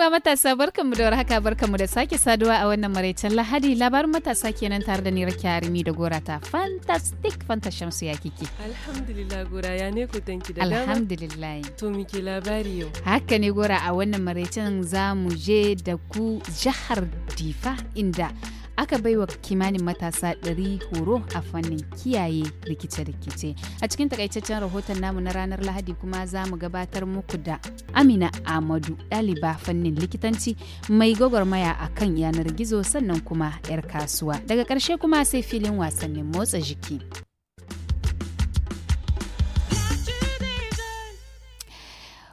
uwa matasa barkanmu da warhaka barkanmu da sake saduwa a wannan maraicen Lahadi labarin matasa kenan tare da ni Rakiya da Gora ta fantastic fanta Shamsu ya kike. Alhamdulillah Gora ya ne ku danki da dama. Alhamdulillah. To muke labari yau. Haka ne Gora a wannan maraicen za mu je da ku jihar Difa inda aka baiwa kimanin matasa 100 horo a fannin kiyaye rikice-rikice a cikin takaitaccen rahoton namu na ranar lahadi kuma za mu gabatar muku da amina amadu ɗaliba fannin likitanci mai gwagwarmaya a kan yanar gizo sannan kuma 'yar kasuwa daga ƙarshe kuma sai filin wasannin motsa jiki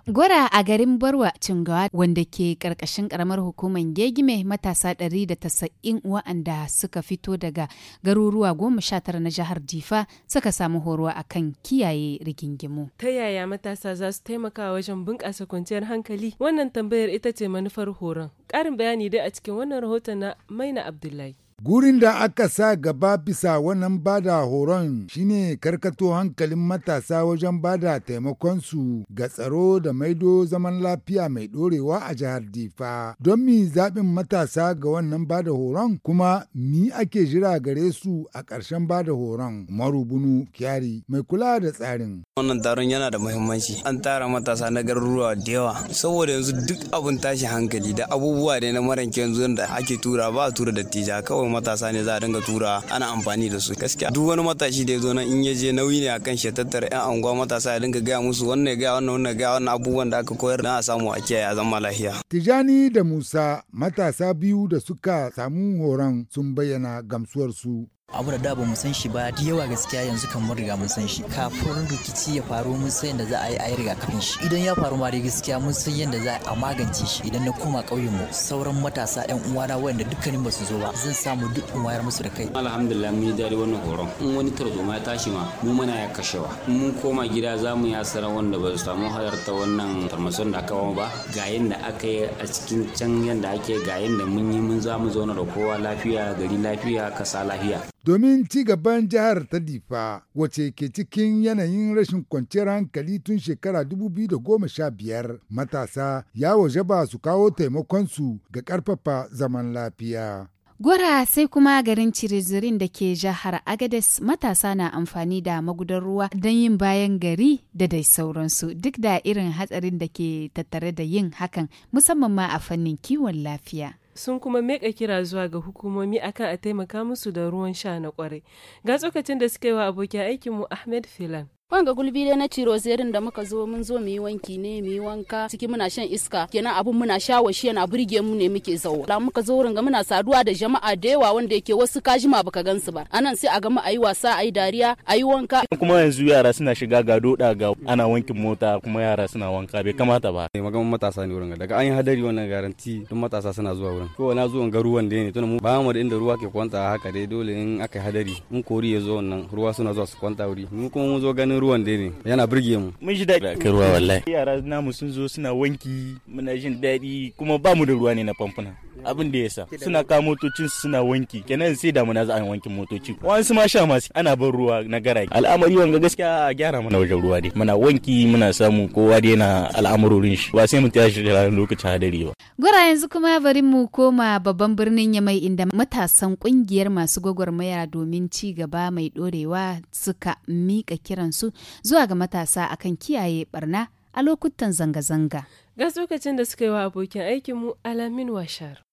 Gwara a garin Barwa Cingawa wanda ke karkashin karamar hukumar Gegime matasa 190 wa'anda suka fito daga garuruwa goma sha tara na jihar Jifa, suka samu horo akan kiyaye rigingimu. Ta yaya matasa za su taimaka wajen bunƙasa kwanciyar hankali? Wannan tambayar ita ce manufar horon. Ƙarin bayani dai a cikin wannan rahoton na Maina Abdullahi. Gurin da aka sa gaba bisa wannan bada horon shine karkato hankalin matasa wajen bada taimakon su ga tsaro da maido zaman lafiya mai dorewa a jihar Difa. Don mi zaɓin matasa ga wannan bada horon kuma mi ake jira gare su a ƙarshen bada horon. Marubunu Kyari mai kula da tsarin. Wannan taron yana da muhimmanci. An tara matasa na garuruwa da yawa. Saboda yanzu duk abin tashi hankali da abubuwa ne na maranke yanzu da ake tura ba a tura dattija kawai kawai matasa ne za a dinga tura ana amfani da su gaskiya duk wani matashi da ya zo na in ya je nauyi ne akan shi tattara yan anguwa matasa ya dinga gaya musu wannan ya gaya wannan wannan gaya wannan abubuwan da aka koyar don a samu a kiyaye a zama lafiya. Tijani da Musa matasa biyu da suka samu horon sun bayyana gamsuwarsu abu da da ba mu san shi ba da yawa gaskiya yanzu kan riga mun san shi kafin rikici ya faru mun san yadda za a yi a yi rigakafin shi idan ya faru ma gaskiya mun san yadda za a magance shi idan na koma ƙauyen mu sauran matasa yan uwana wanda dukkanin ba su zo ba zan samu duk in musu da kai alhamdulillah mun yi dare wannan horon in wani tarzoma ya tashi ma mu muna ya kashewa in mun koma gida za mu ya sanar wanda ba su samu halarta wannan farmason da aka wa ba ga yadda aka yi a cikin can yadda ake ga yadda mun yi mun za mu zauna da kowa lafiya gari lafiya kasa lafiya domin ci gaban jihar ta difa wace ke cikin yanayin rashin kwanciyar hankali tun shekara 2015 matasa ya waje ba su kawo taimakonsu ga karfafa zaman lafiya. Gora sai kuma garin Cirizirin da ke jihar Agades matasa na amfani da magudan ruwa don yin bayan gari da dai sauransu duk da irin hatsarin da ke tattare da yin hakan musamman ma a fannin kiwon lafiya. sun kuma meka kira zuwa ga hukumomi akan a taimaka musu da ruwan sha na kwarai. Ga tsokacin da suka yi wa abokin aikinmu Ahmed Filan. wanga gulbi dai na ciro zerin da muka zo mun zo mu yi wanki ne mu yi wanka ciki muna shan iska kenan abun muna shawo shi yana burge mu ne muke zawo la muka zo wurin ga muna saduwa da jama'a da yawa wanda yake wasu kajima baka gansu ba anan sai a gama ayi wasa ayi dariya ayi wanka kuma yanzu yara suna shiga gado ga ana wankin mota kuma yara suna wanka bai kamata ba ne magaman matasa ne wurin daga an yi hadari wannan garanti duk matasa suna zuwa wurin ko na zuwan ga ruwan da ne tunda mu ba mu da inda ruwa ke kwanta haka dai dole in aka hadari in kori ya zo wannan ruwa suna zuwa su kwanta wuri mu kuma mun zo ganin daɗin ruwan dai ne yana birge mu mun ji daɗi kan ruwa wallahi yara namu sun zo suna wanki muna jin daɗi kuma ba mu da ruwa ne na famfuna abin da yasa suna ka motocin suna wanki kenan sai damuna za a wankin motoci wasu ma sha masu ana ban ruwa na gara al'amari wanga gaskiya a gyara mana wajen ruwa dai muna wanki muna samu kowa dai na al'amarorin shi ba sai mun tashi da lokacin hadari ba gura yanzu kuma bari mu koma babban birnin yamai inda matasan kungiyar masu gwagwarmaya domin ci gaba mai dorewa suka mika kiran su su zuwa ga matasa akan kiyaye barna a lokutan zanga-zanga. Ga tsokacin da suka yi wa abokin aikinmu Alamin Washar.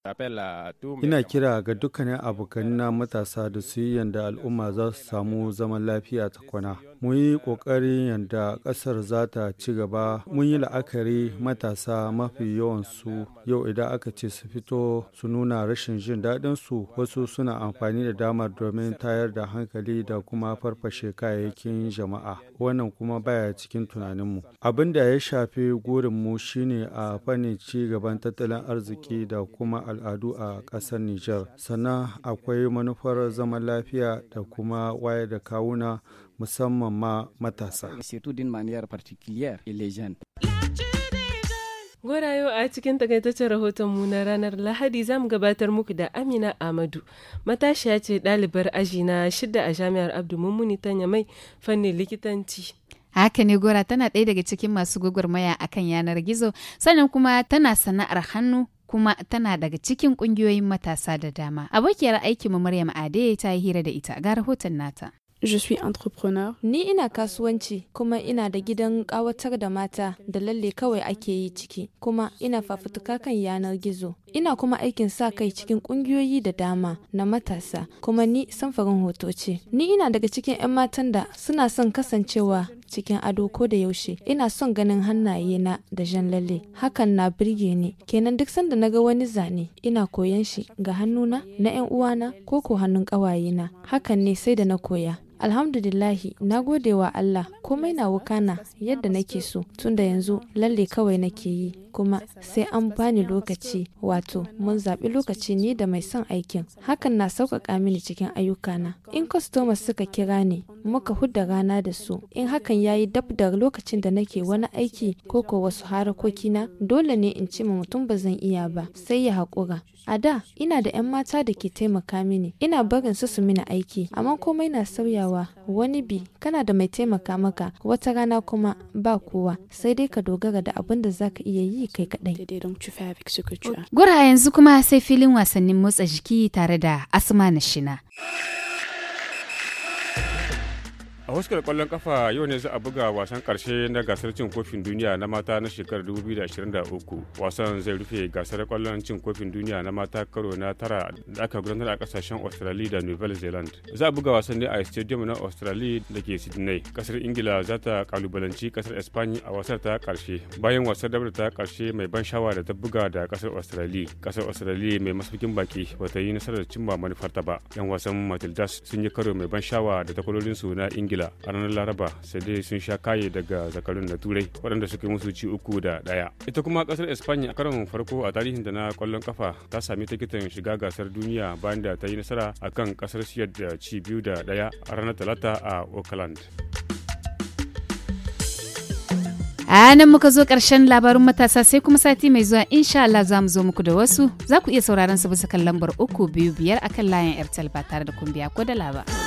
Ina kira ga dukkanin abokanina matasa da su yi yadda al'umma za su samu zaman lafiya ta kwana. Mun yi ƙoƙarin yadda ƙasar za ta ci gaba, mun yi la'akari matasa mafi yawansu yau idan aka ce su fito su nuna rashin jin daɗin su wasu suna amfani da damar domin tayar da hankali da kuma farfashe kayayyakin jama'a. Wannan kuma baya cikin tunaninmu. Abin da ya shafi gurinmu shine a fannin ci gaban tattalin arziki da kuma al'adu a ƙasar Nijar. Sannan akwai manufar zaman lafiya da kuma wayar da kawuna musamman ma matasa. Gwarayo a cikin takaitaccen rahoton mu na ranar Lahadi za mu gabatar muku da Amina Amadu. Matashiya ce ɗalibar aji na shidda a Jami'ar Abdu Mummuni ta mai fannin likitanci. Haka ne Gora tana ɗaya daga cikin masu gwagwarmaya a kan yanar gizo, sannan kuma tana sana'ar hannu kuma tana daga cikin kungiyoyin matasa da dama. Abokiyar aikinmu Maryam Ade ta yi hira da ita ga rahoton nata. Je suis entrepreneur. Ni ina kasuwanci kuma ina da gidan ƙawatar da mata da lalle kawai ake yi ciki kuma ina fafutuka kan yanar gizo. Ina kuma aikin sa kai cikin ƙungiyoyi da dama na matasa kuma ni samfarin hoto ce. Ni ina daga cikin 'yan matan da suna son kasancewa cikin ado ko da yaushe ina son ganin hannaye na da jan lalle hakan na birge ni kenan duk sanda naga wani zane ina koyan shi ga hannuna na yan uwana ko ko hannun ƙawayena hakan ne sai da na koya Alhamdulillahi, na gode wa Allah, komai na wukana yadda nake so, tun da yanzu lalle kawai nake yi, kuma sai an bani lokaci, wato mun zaɓi lokaci ni da mai son aikin. Hakan na sauƙaƙa mini cikin ayyukana. In customers suka kira ni, muka hudda rana da su, in hakan ya yi dab da lokacin da nake wani aiki ko ko wasu harakokina, dole ne in ci ma mutum ba zan iya ba, sai ya haƙura. A da, ina da 'yan mata da ke taimaka mini, ina barin su su mini aiki, amma komai na sauyawa cewa wani bi kana da mai taimaka maka wata rana kuma ba kowa sai dai ka dogara da abin da zaka iya yi kai kadai. Gura yanzu kuma sai filin wasannin motsa jiki tare da Asma na Shina. huskar kwallon kafa yau ne za a buga wasan karshe na gasar cin kofin duniya na mata na shekarar 2023 wasan zai rufe gasar kwallon cin kofin duniya na mata karo na tara da aka gudanar a kasashen australia da nouvelle zealand za a buga wasan ne a stadium na australia da ke sydney kasar ingila za ta kalubalanci kasar espanya a wasar ta karshe bayan wasar dabar ta karshe mai ban shawa da ta buga da kasar australia kasar australia mai masaukin baki bata yi nasarar cimma manufarta ba yan wasan matildas sun yi karo mai ban shawa da takwalolinsu na ingila ingila a ranar laraba sai dai sun sha kaye daga zakarun da turai waɗanda suka yi musu ci uku da ɗaya ita kuma ƙasar espanya a karon farko a tarihin da na ƙwallon kafa ta sami tikitin shiga gasar duniya bayan da ta yi nasara a kan ƙasar siyar da ci biyu da ɗaya a ranar talata a oakland. A nan muka zo ƙarshen labarin matasa sai kuma sati mai zuwa insha Allah za mu zo muku da wasu za ku iya sauraron su bisa kan lambar uku biyu biyar a kan layin Airtel ba tare da kumbiya ko da laba.